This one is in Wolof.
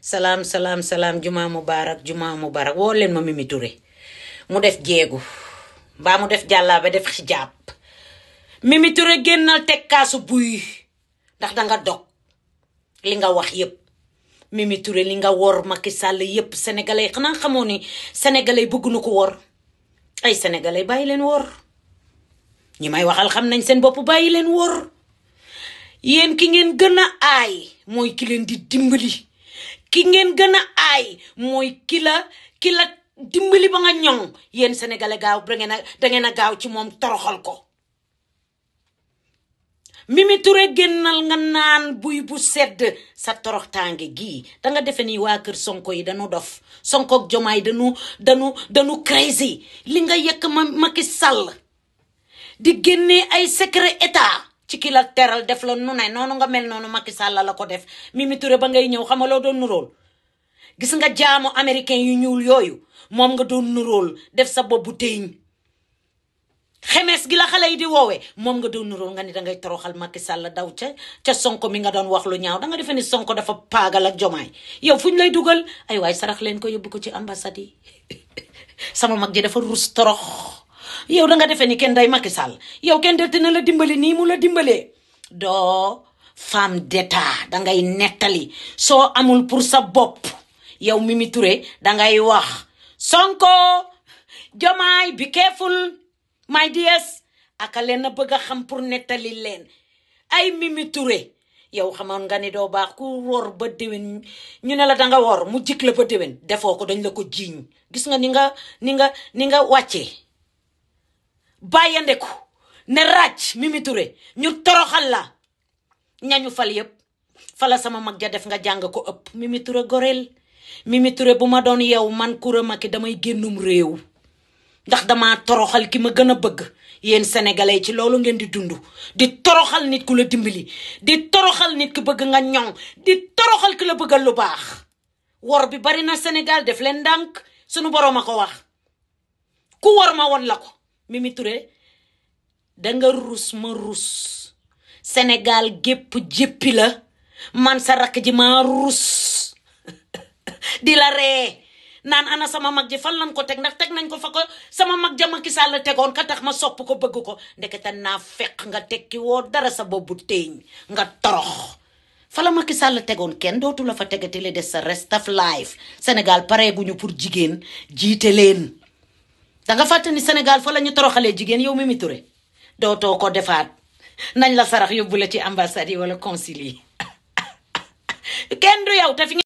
salaam salaam salaam juma mubarak juma mubarak woo leen ma Mimi Touré mu def jéegu mbaa mu def jàllaabe def xijaab Mimi Touré génnal teg kaasu buy ndax danga dog li nga wax yépp Mimi Touré li nga wor Macky Sall yépp sénégalais xanaa xamoo ni sénégalais bëgg nu ko wor ay sénégalais bàyyi leen wor ñi may waxal xam nañ seen bopp bàyyi leen wor yéen ki ngeen gën a aay mooy ki leen di dimbali ki ngeen gëna a aay mooy ki la dimbali ba nga ñoŋ yéen sénégalais gaaw da ngeen a da gaaw ci moom toroxal ko Mimi Touré génnal nga naan buy bu sedd sa torox tànge gii danga defe nii waa kër sonko yi dañu dof sonkook jomaay dañu dañu dañu li nga yekk ma Macky Sall di génnee ay secret état ci kii la teral def la nu ne noonu nga mel noonu Macky sàlla la ko def Mimi Touré ba ngay ñëw xam nga loo doon nuróol gis nga jaamu américain yu ñuul yooyu moom nga doon nurool def sa bopp bu téyiñ xemes gi la xale yi di woowee moom nga doon nuróol nga ni dangay toroxal Macky Sall daw ca ca Sonko mi nga doon wax lu ñaaw danga defee ni Sonko dafa paagal ak jomaay yow fu ñu lay dugal ay waay sarax leen ko yóbbu ko ci ambassade yi sama mag ji dafa rus torox yow da nga defee ni kenn day Macky Sall yow kenn def dina la dimbali nii mu la dimbale doo femme d'état dangay nettali soo amul pour sa bopp yow Mimi Touré da ngay wax Sonko Diomaye be careful my dears aka leen a bëgg a xam pour nettali leen ay Mimi Touré yow xamoon nga ni doo baax ku wor ba déwén ñu ne la danga wor mu jik la ba déwén defoo ko dañ la ko jiiñ gis nga ni nga ni ni nga wàccee bàyyandeku ne ràcc Mimi Touré ñu toroxal la ñañu fal yépp fala sama mag ja def nga jàng ko ëpp Mimi Touré goreel Mimi bu ma doon yow man Coura Macky damay génnum réew ndax dama toroxal ki ma gën a bëgg yéen sénégalais ci loolu ngeen di dund di toroxal nit ku la dimbali di toroxal nit ku bëgg nga ñoŋ di toroxal ki la bëggal lu baax wor bi bari na Sénégal def leen ndànk sunu boroom a ko wax ku wor ma woon la Mimi Touré danga ruus ma ruus senegal gépp jéppi la man sa rakk ji ma rus di la ree naan ana sama mag ji fan lan ko teg ndax teg nañ ko fa ko sama mag ja ma Sall sàll tegoon ka tax ma sopp ko bëgg ko ndekete naa feq nga tekki woo dara sa boobu téeñ nga torox fa la ma Sall sàll tegoon kenn dootu la fa tegati li des sa rest of life Sénégal pare pour jigéen jiite leen danga fàtte ni Sénégal fa la ñu toroxalee jigéen yow Mimi Touré dootoo ko defaat nañ la sarax yóbbu la ci ambassade yi wala consul yi kenn du yow te fi